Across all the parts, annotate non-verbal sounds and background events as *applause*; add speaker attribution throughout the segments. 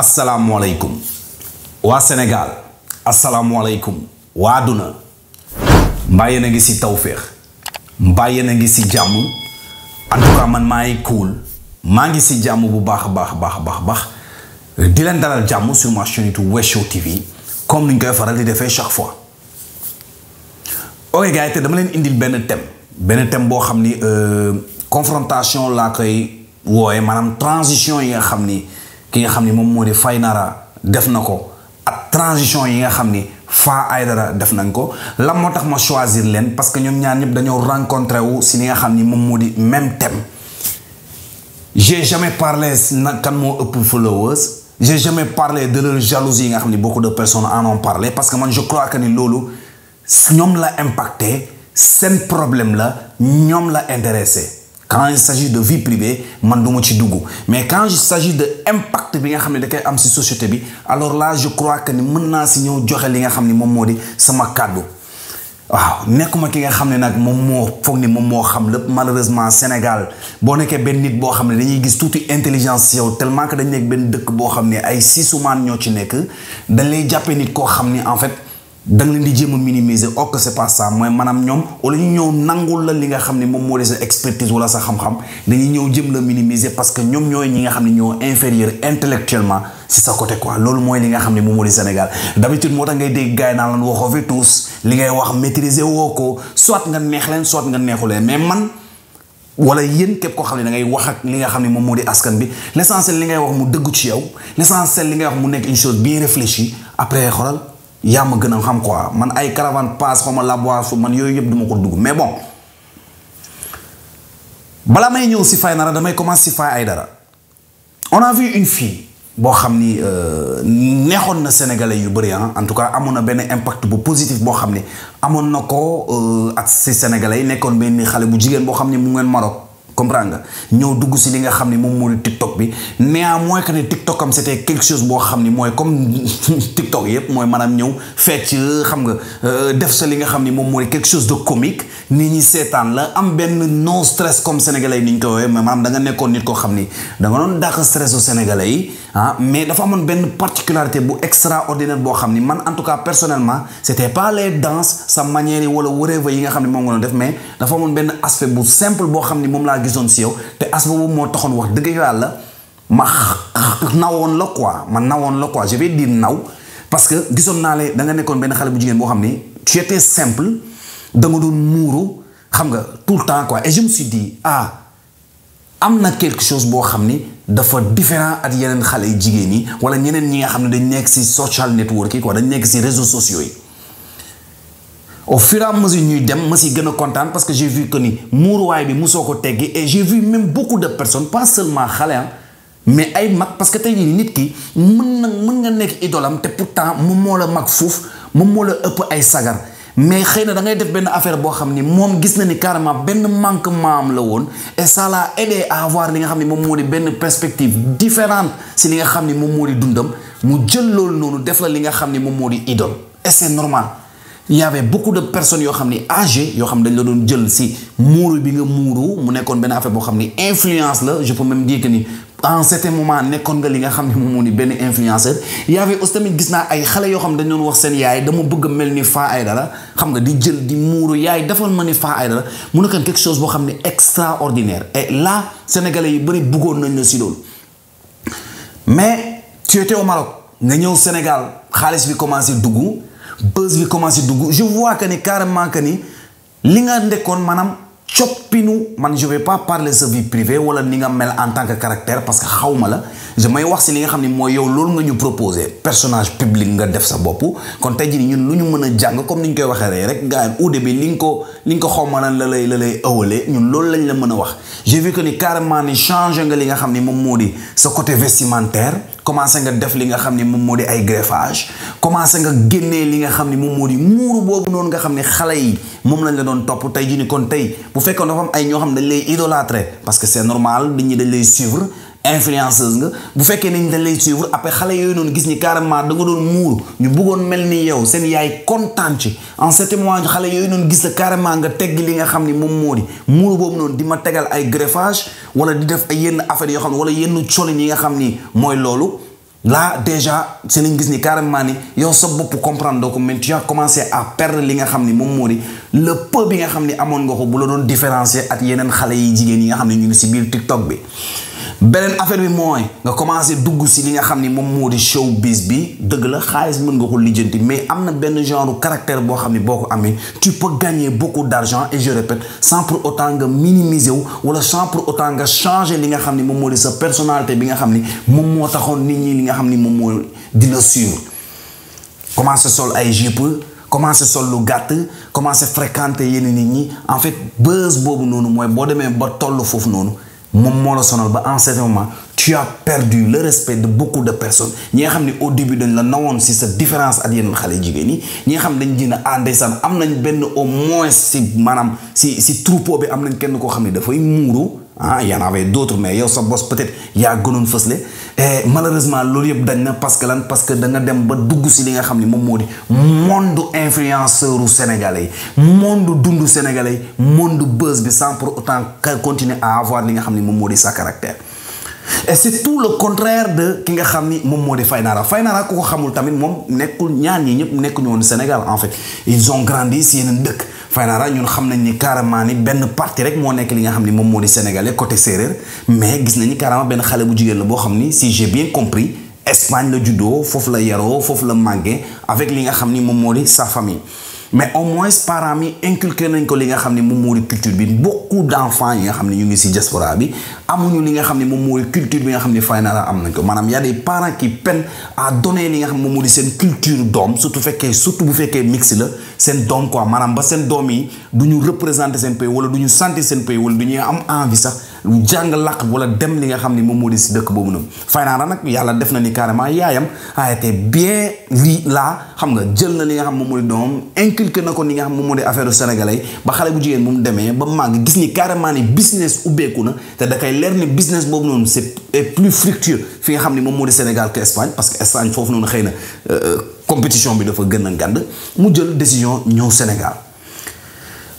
Speaker 1: asalaamualeykum waa Sénégal asalaamualeykum waa àdduna mbaa yéen a ngi si tawféex mbaa yéen a ngi si jàmm en tout cas man maay ngi cool maa ngi si jàmm bu baax a baax baax baax baax di leen dalal jàmm sur ma chaîne YouTube Show TV comme ni koy faral di defee chaque fois ok gars yi te dama leen indil benn thème benn thème boo xam ni euh, confrontation laa koy wooye maanaam transition yi nga xam ni. ki nga xam ni moom moo di Faye Nara def na ko ak transition yi nga xam ni Fa Aydara def nañ ko lan moo tax ma choisir leen parce que ñoom ñaar ñëpp dañoo rencontré wu si li nga xam ni moom moo di même thème j'ai jamais parlé na kan moo ëpp followers j'ai jamais parlé de leur jalousie yi nga xam ni beaucoup de personnes en ont parlé parce que man je crois que ni loolu ñoom la impacté seen problème la ñoom la intéressé quand il s'agit de vie privée man duma ci dugg mais quand il s'agit de impact bi nga xam ne da koy am si société bi alors là je crois que ni mën naa si ñëw joxe li nga xam ni moom moo di sama kàddu waaw nekkuma ki nga xam ne nag moom moo foog ni moom moo xam lépp malheureusement Sénégal boo nekkee benn nit boo xam ne dañuy gis tuuti intelligence ci yow tellement que dañ nekk benn dëkk boo xam ne ay sisumaan ñoo ci nekk dañ lay jàppee nit koo xam ni en fait da leen di jéem a minimiser ok oh, c'est pas ça mooy maanaam ñoom wala ñu ñëw nangul la li nga xam ne moom moo di sa expertise wala sa xam-xam dañuy ñëw jëm la minimiser parce que ñoom ñooy ñi nga xam ne ñoo inférieur intellectuellement si sa côté quoi loolu mooy li nga xam ne moom moo di Sénégal d'habitude moo tax ngay dégg gars yi naan lan waxoo fi tous li ngay wax maîtriser woo ko soit nga neex leen soit nga neexu leen mais man wala yéen képp koo xam ne da ngay wax ak li nga xam ne moom moo di askan bi l'essentiel li ngay wax mu dëggu ci yow l'essentiel li wax mu nekk une chose bien réfléchie après xoolal yaa ma gën xam quoi man ay caravane passe xaw ma la man yooyu yëpp duma ko dugg mais bon balaa may ñëw si Faye Nara damay commencer si ay dara on a vu une fille boo xam ni euh, neexoon na sénégalais yu bëri ah en tout cas amoon na benn impact bu positif boo xam ne amoon na ko euh, ak si sénégalais yi nekkoon benn xale bu jigéen boo xam ne mu ngeen Maroc. comprendre nga ñëw dugg si li nga xam ne moom moo di TikTok bi néanmoins que ne TikTok am c'était quelque chose boo xam ni mooy comme *laughs* TikTok yëpp mooy euh, sa li nga xam ni moom mooy quelque chose de comique nit ñi seetaan la am benn non stress ni ñu ko woowee mais maanaam da nga nekkoon nit koo xam ni da doon dàq stress au yi ah, mais dafa amoon benn particularité bu extraordinaire boo xam ni man en tout cas personnellement c'était pas les danses sa manière yi wala yi nga xam ne moom nga doon def mais dafa amoon benn aspect bu simple boo xam ni moom gisoon si yow te as boobu moo taxoon wax dëgg yàlla ma nawoon la quoi ma nawoon la quoi je vais naw parce que gisoon naa la da nga nekkoon benn xale bu jigéen boo xam ni tu simple da nga doon muuru xam nga tout le temps quoi et je me suis ah am na quelque chose boo xam ni dafa différent ak yeneen xale yu jigéen yi wala ñeneen ñi nga xam ne dañ nekk si social network yi quoi dañ nekk si réseaux sociaux yi. au fur ma si ñuy dem ma si gën a kontaan parce que j'ai vu que ni muuruwaay bi mosoo ko teggi et j'ai vu même beaucoup de personnes pas seulement xale ah mais ay mag parce que tey nii nit ki mën na mën nga nekk idolam te pourtant moom moo la mag fuuf moom moo la ëpp ay sagar mais xëy na da ngay def benn affaire boo xam ni moom gis na ni carrément benn manquement am la woon et li nga xam ni moom moo di benn perspective différente si li nga xam ni moom moo di dundam mu jël loolu noonu def la li nga xam ni moom moo di idole et il y beaucoup de personnes yoo xam ni âgées yoo xam dañ la doon jël si muuru bi nga muuru mu nekkoon benn affaire boo xam ni influence la je peux même dire que ni à certain moment nekkoon nga li nga xam ne moom moo ni benn influenceur y avait aussi tamit gis naa ay xale yoo xam dañ doon wax seen yaay dama bëgg a mel ni Fa Aidara xam nga di jël di muuru yaay defal ma ni Fa Aidara mu nekkoon quelque chose boo xam ne extraordinaire et là sénégalais yu bëri bëggoon nañ la si loolu mais tu nga ñëw Sénégal xaalis bi commencé dugg. buzz bi commencé dugg je vois que ni carrément que ni li nga ndekkoon maanaam coppinu man je vais pas parler sa vie privée wala ni nga mel en tant que caractère parce que xaw ma la je may wax si li nga xam ni mooy yow loolu nga ñu proposé personnage public nga def sa bopp kon tey jii ñun lu ñu mën a jàng comme ni ñu koy waxee rek gars yi au début li nga ko li nga ko xaw ma la lay la lay ëwalee ñun loolu lañ la mën a wax j'ai vu que ni carrément ni changé nga li nga xam ni moom moo di sa côté vestimentaire commencé nga def li nga xam ne moom moo di ay greffage commencé nga génnee li nga xam ne moom moo di muuru boobu noonu nga xam ni xale yi moom lañ la doon topp tey jii ni kon tey bu fekkoon dafa am ay ñoo xam ne dañ lay idolâtre parce que c'est normal nit ñi dañ lay suivre influenceuse nga bu fekkee nañ dañ lay suivre après xale yooyu noonu gis ni carrément da nga doon muuru ñu bëggoon mel ni yow seen yaay kontaan ci en ce moment xale yooyu noonu gis la carrément nga teg li nga xam ni moom moo di muuru boobu di ma tegal ay greffage wala di def ay yenn affaires yoo xam ne wala yenn colin yi nga xam ni mooy loolu là déjà nañ gis ni carrément ni yow sa bopp ko mais commencé à perdre li nga xam ni moom moo di le bi nga xam ni amoon nga ko bu la doon différencier ak yeneen xale yi jigéen yi nga xam ne ñu ngi si biir TikTok bi beneen affaire bi mooy nga commencé dugg si li nga xam ni moom moo di showbiz bi dëgg la xaalis mën nga ko lijjanti mais am na benn genre caractère boo xam ni boo ko amee tu peux gagner beaucoup d'argent et je répète sans pour autant nga wu wala sans pour autant nga li nga xam ni moom moo di sa personalité bi nga xam ni moom moo taxoon nit ñi li nga xam ni moom moo di la suivre commencé sol ay jupe commencé sol lu gàtt commencé fréquenter yenn nit ñi en fait buzz boobu noonu mooy boo demee ba toll foofu noonu. moom moo la sonal ba en certain moment tu as perdu le respect de beaucoup de personnes ñi nga xam ne au début dañ la nawoon si sa différence ak yeneen xale jigéen ñi ñi nga xam dañ jina ah ndeysaan am nañ benn au moins si maanaam si si troupeau bi am nañ kenn koo xam ne dafay muuru ah y en avait d'autres mais yow sa bos peut-être yaa gënoon fësle et eh, malheureusement loolu yëpp dañ na parce que lan parce que da dem ba dugg si li nga xam ni moom moo di monde influenceur u sénégalais yi monde dundu sénégalais yi monde buzz bi sans pour autant continuer à li nga xam ni moom moo di sa caractère et c'est tout le contraire de ki nga xam ni moom moo di fay Faynara ku ko xamul tamit moom nekkul ñaar ñi ñëpp nekkuñu woon Sénégal en fait ils ont grandi si yeneen Faynara ñun xam nañ ni carrément ni benn parti rek moo nekk li nga xam ni moom moo di sénégalais côté séeréer mais gis nañu carrément benn xale bu jigéen la boo xam ni si j'ai bien compris Espagne la juddoo foofu la yaroo foofu la màggee avec li nga xam ni moom moo di sa famille. mais au moins parents yi inculqué nañ ko li nga xam ne moom moo di culture bi beaucoup d' yi nga xam ne ñu ngi si diaspora bi amuñu li nga xam ne moom moo di culture bi nga xam ne fay na la am nañ ko maanaam y a des parents qui peinent à donner li nga xam ne moom moo di seen culture doom surtout fekkee surtout bu fekkee mix la seen doom quoi maanaam ba seen doom yi du ñu représenter seen pays wala du ñu sentir seen pays wala du ñu am envie sax. jàng làq wala dem li nga xam ni moom moo di dëkk boobu noonu Faynaara nag yàlla def na ni carrément yaayam a été bien lii laa xam nga jël na li nga xam moom moo di doom inculqué na ko ni nga xam moom moo di affaire sénégalais ba xale bu jigéen bu mu demee ba màgg gis ni carrément ni business ubbeeku na te da kay leer ni business boobu noonu c'est plus fructueux fi nga xam ni moom moo di Sénégal que Espagne parce que Espagne foofu noonu xëy na euh, compétition bi dafa gën a gànd mu jël décision ñëw Sénégal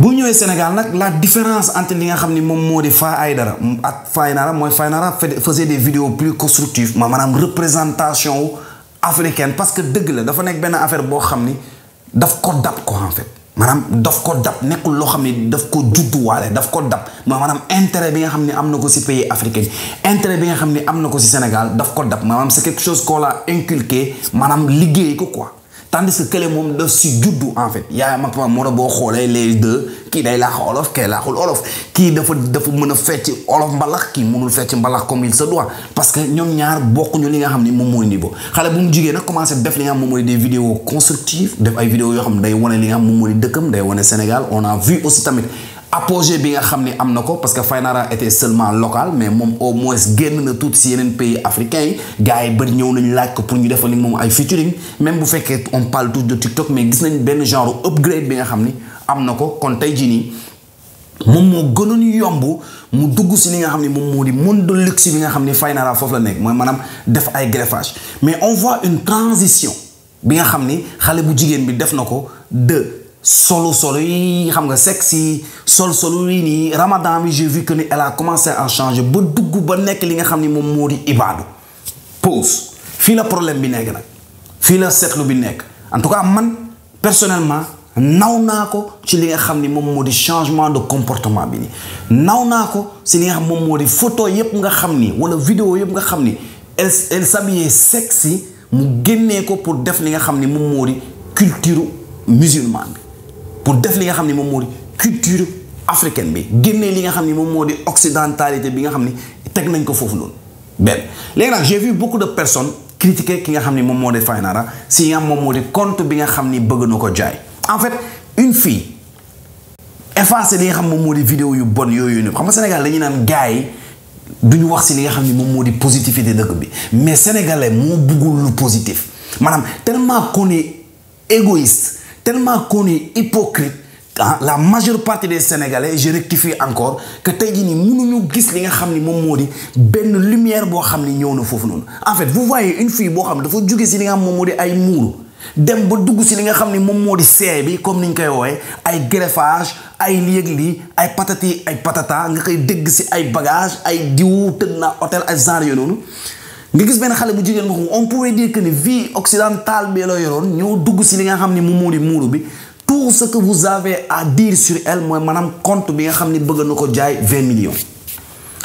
Speaker 1: bu ñëwee Sénégal nag la différence entre li nga xam ni moom moo di faa Fa Aïdara ak Faynara mooy Faynara faisait des vidéos plus constructives ma maanaam représentation wu africaine parce que dëgg la dafa nekk benn affaire boo xam ni daf ko dab ko en fait maanaam daf ko dab nekkul loo xam ni daf ko judduwaale daf ko dab ma maanaam intérêt bi nga xam ni am na ko si pays africain intérêt bi nga xam ni am na ko si Sénégal daf ko dab maanaam c'est quelque chose qu'on l'a inculqué ko quoi tandis que kële moom daf si juddu en fait yaayam ak papaam moo tax boo xoolee les deux kii day laax olof kii laaxul olof kii dafa dafa mën a fecc olof mbalax kii mënul fecc mbalax comme il se doit parce que ñoom ñaar bokkuñu li nga xam ni moom mooy niveau xale bu mu jigéen nag commencé def li nga xam moom mooy des vidéos constructives def ay vidéos yoo xam day wane li nga xam moom mooy dëkkam day wane Sénégal on a vu aussi tamit apogée bi nga xam ne am na ko parce que Faynara était seulement local mais moom au moins génn na tuuti si yeneen pays africains yi gars yi bëri ñëw nañu laaj ko pour ñu defal ni moom ay featuring même bu fekkee on parle toujours de TikTok mais gis nañu benn genre upgrade bi nga xam ni am na ko kon tey jii nii moom moo gënoon yomb mu dugg si li nga xam ne moom moo di monde luxe bi nga xam ne Faynara foofu la nekk mooy maanaam def ay greffage mais on voit une transition bi nga xam ni xale bu jigéen bi def na ko de solo solo yi xam nga sexe yi sol solo nii ramadan bi j'ai vu que ni elle a commencé à changer ba dugg ba nekk li nga xam ni moom moo di ibaadu pause fii la problème bi nekk nag fii la seetlu bi nekk en tout man personnellement naw naa ko ci li nga xam ni moom moo di changement de comportement bi nii naw naa ko si li nga xam moom moo di photo yëpp nga xam ni wala vidéo yëpp nga xam ni elle elle s'habillait mu génnee ko pour def li nga xam ni moom moo di culture musulmane bi pour def li nga xam ne moom moo di culture bi génnee li nga xam ne moom moo di occidentalité bi nga xam ni teg nañ ko foofu noonu benn léegi nag bokk de personne critiquer ki nga xam ne moom moo di Faynara si nga moom moo di bi nga xam ni bëgg na ko jaay en fait une fille li nga xam moom moo di vidéo yu bon yooyu yëpp xam nga Sénégal dañuy naan gars yi duñu wax si li nga xam ni moom moo di positivité dëkk bi mais sénégalais moo bëggul lu positif maanaam tellement qu'on est tellement qu'on est hypocrite ah, la majeure partie des sénégalais je rectifie encore que tey jii nii mënuñu gis li nga xam ni moom moo di benn lumière boo xam ni ñëw na foofu noonu en fait vous voyez une fille boo xam ne dafa jóge si li nga xam moom moo di ay muuru dem ba dugg si li nga xam ni moom moo di seey bi comme ñu koy woowee ay greffage ay liyëg lii ay patati ay patata nga koy dëgg si ay bagage ay diwu tëdd naa hôtel ay genre yooyu noonu nga gis benn xale bu jigéen boo xam on pourrait dire que ni vie occidentale bi ñoo dugg si li nga xam ni mu muuri muuru bi tout ce à dire sur elle mooy maanaam compte bi nga xam ni bëgg na ko jaay vingt millions.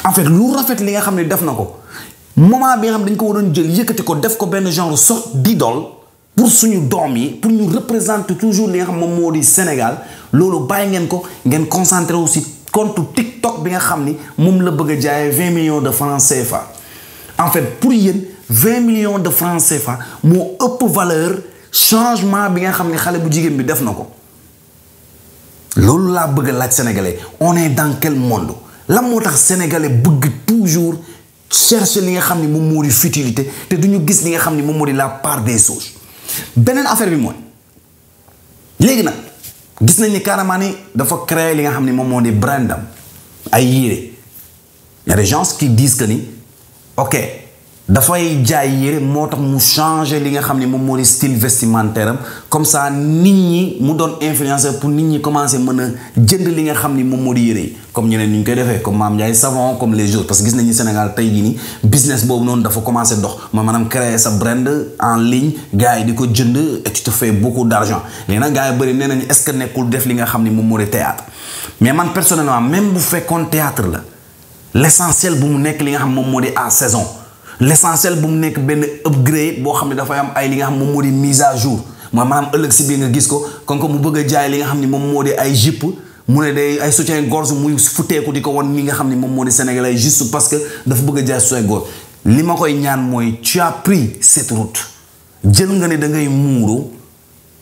Speaker 1: en fait lu rafet li nga xam ne def na ko moment bi nga xam dañ ko waroon jël yëkkati ko def ko benn genre sorte d'idole pour suñu doom yi pour ñu représenter toujours li nga moom moo Sénégal loolu bàyyi ngeen ko ngeen concentré aussi compte TikTok bi nga xam ni moom la bëgg a jaayee vingt millions de francs CFA. en fait pour yéen vingt millions de francais fa moo ëpp valeur changement bi nga xam ne xale bu jigéen bi def na ko loolu laa bëgg a laaj sénégalais on est dans quel monde lan moo tax sénégalais bëgg toujours chercher li nga xam ne moom moo di futilité te du ñu gis li nga xam ne moom moo di la part des choses beneen affaire bi mooy léegi nag gis nañ ni carrément dafa créer li nga xam ne moom moo di brandam ay yére y a des qui disent ni ok dafay jaay yére moo tax mu changé li nga xam ne moom moo di comme ça nit ñi mu doon influenceur pour nit ñi commencé mën a jënd li nga xam ni moom moo di yére yi comme ñeneen ñu ngi koy defee comme Maam Ndiaye savon comme les jours parce que gis nañu Sénégal tey jii nii business boobu noonu dafa commencé dox ma maanaam créer sa brand en ligne gars yi di ko jënd et tu te fais beaucoup d' argent nag gars yi bëri nee nañu est ce que nekkul def li nga xam ni moom moo di théâtre mais man personnellement même bu fekkoon théâtre la l' bu mu nekk li nga xam moom moo di en saison l' bu mu nekk benn upgrade boo xam ne dafay am ay li nga xam moom moo di mise à jour mooy maanaam ëllëg si biir nga gis ko kon mu bëgg jaay li nga xam ne moom moo di ay jipp mu ne ay soutien gorge muy futteeku di ko won ñi nga xam ne moom moo di sénégalais juste parce que dafa bëgg a jaay soutien gorge li ma koy ñaan mooy tu as pris route jël nga ne da ngay muuru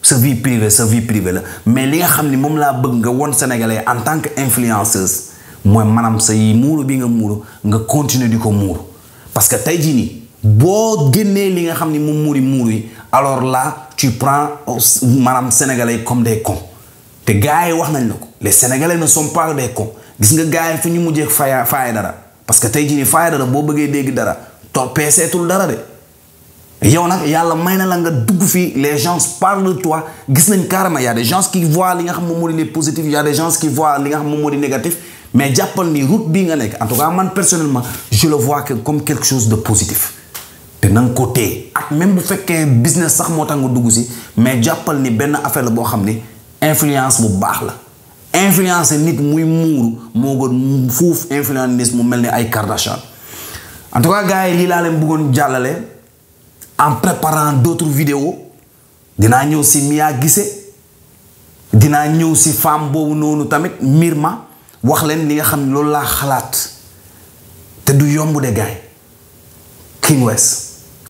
Speaker 1: sa vie privée sa vie privée la mais li nga xam ne moom laa bëgg nga won sénégalais en tant que influenceuse mooy maanaam say muuru bi nga muuru nga continuer di ko muuru parce que tey jii boo génnee li nga xam ni moom muuri muuru yi alors là tu prends euh, maanaam sénégalais comme des cons te gars yi wax nañ la ko les sénégalais ne sont par des cons gis nga gars yi fu ñu mujjee faaya faaya dara parce que tey jii nii faaya dara boo bëggee dégg dara toppee seetul dara de. yow nag yàlla may na la nga dugg fii les gens parlent de toi gis nañ carrément y a des qui voient li nga xam moom moo di a des gens qui voient li moom moo di mais jàppal ni route bii nga nekk en tout cas man personnellement je le vois que comme quelque chose de positif te na ko téye ak même bu fekkee business sax moo tax nga dugg si mais jàppal ni benn affaire la boo xam ni influence bu baax la influence nit muy muuru moo gën fuuf influence mu mel ni ay Kardashian en tout cas yi lii laa leen bëggoon jàllale en préparant d'autres vidéos dinaa ñëw si Mia Guissé dinaa ñëw si femme boobu noonu tamit Myrma wax leen li nga xam loolu laa xalaat te du yomb de gaay King West